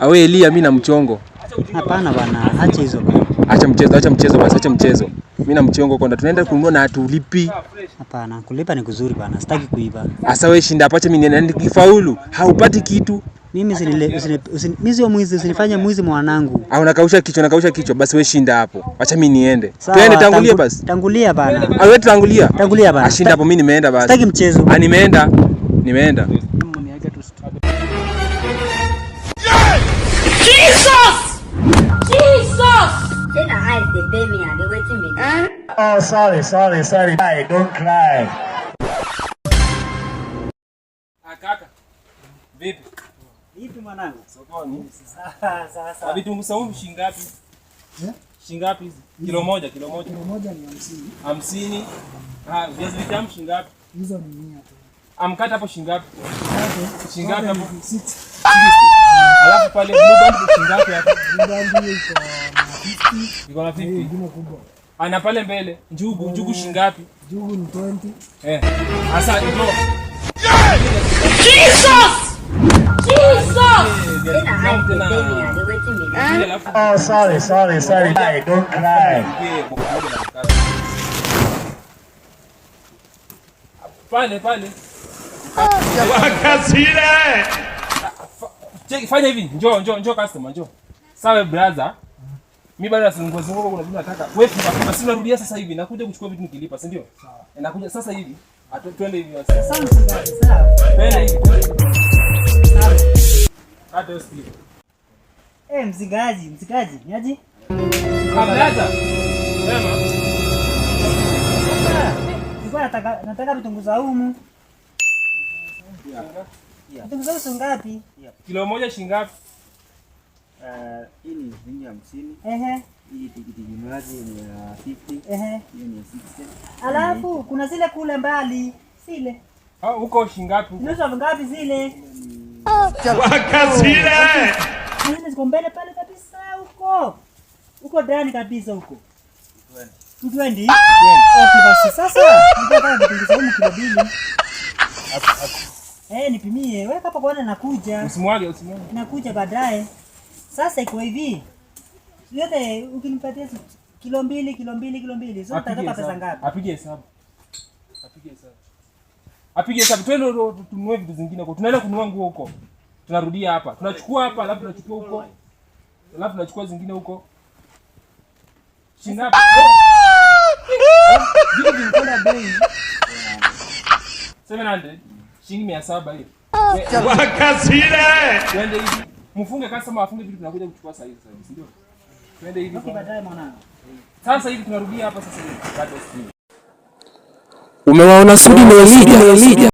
Awe Elia, mimi na mchongo. Hapana bwana, acha hizo Acha mchezo, acha mchezo basi, acha mchezo. Mimi na mchongo kwenda. tunaenda kununua na hatulipi. Hapana, kulipa ni kuzuri bwana, sitaki kuiba. Asa wewe shinda hapa, acha mimi niende kifaulu. Haupati kitu. Mimi mimi sio mwizi, usinifanye mwizi mwanangu. Au ah, nakausha kichwa, nakausha kichwa. Basi wewe shinda hapo. Acha mimi niende. Twende tangulia basi. Tangulia bwana. Au ah, wewe tangulia. Tangulia bwana. Ashinda ah, hapo mimi nimeenda basi. Sitaki mchezo. Ah, nimeenda. Nimeenda. Jesus! Jesus! Say na eyes dey pain be Oh sorry sorry sorry guy don't cry. Ah, kaka, vipi? Vipi mwanangu? Sokoni. Sasa sasa. Ah, Vitunguu saumu shilingi ngapi? Yeah? hizi? Kilo moja, kilo moja. Kilo moja ni 50. 50. Ah, viazi vitamu shilingi Hizo ni 100 tu. Amkata ah, hapo shingapi shingapi hapo? 60. Alafu pale blue band ni ngapi hapo? Iko na 50. Iko na 50. Ana ah, pale mbele njugu, njugu shingapi? Njugu ni 20. Eh. Sasa ndio. Jesus! Jesus! Oh, sorry, sorry, sorry. I don't cry. Pale pale. Ah, Wakasira. Cheki fanya hivi, njoo njoo njoo customer njoo. Sawa brother. Mimi bado nasingua zunguko kuna vitu nataka. Wewe fika kama sina rudia sasa hivi nakuja kuchukua vitu nikilipa, si ndio? Sawa. Eh, nakuja sasa hivi. Twende hivi sasa. Asante mchungaji, sawa. Twende hivi. Sawa. Hata usikie. Eh, mzigaji, mzigaji, niaje? Ah, brother. Sema. Eh, nataka nataka vitungu saumu. Mzee ngapi? Kilo moja shilingi ngapi? Uh, hii ni shilingi hamsini. Hii tikiti maji ni ya 50. Ehe. Hii ni 60. Alafu kuna zile kule mbali, zile. Ah, huko shilingi ngapi? Unauza ngapi zile? Wakazile. Zile ziko mbele pale kabisa huko. Huko ndani kabisa huko. 20. 20. Sasa, ndio kama ndio kilo mbili. Eh, nipimie. Weka hapa kwaona nakuja. Usimwage, usimwage. Nakuja baadaye. Sasa iko hivi. Yote ukinipatia kilo mbili, kilo mbili, kilo mbili. Sasa utatoka pesa ngapi? Apige hesabu. Apige hesabu. Apige hesabu. Twende tununue vitu zingine huko. Tunaenda kununua nguo huko. Tunarudia hapa. Tunachukua hapa, alafu tunachukua huko. Alafu tunachukua zingine huko. Shingapi? Oh! Vitu vinakwenda bei. 700 shilingi mia saba hiyo oh, twende hivi mfunge vitu, tunakuja kuchukua saa hizi si ndio? Twende hivi baadaye, mwanangu. Sasa hivi tunarudia hapa sasa hivi, umewaona Sudi na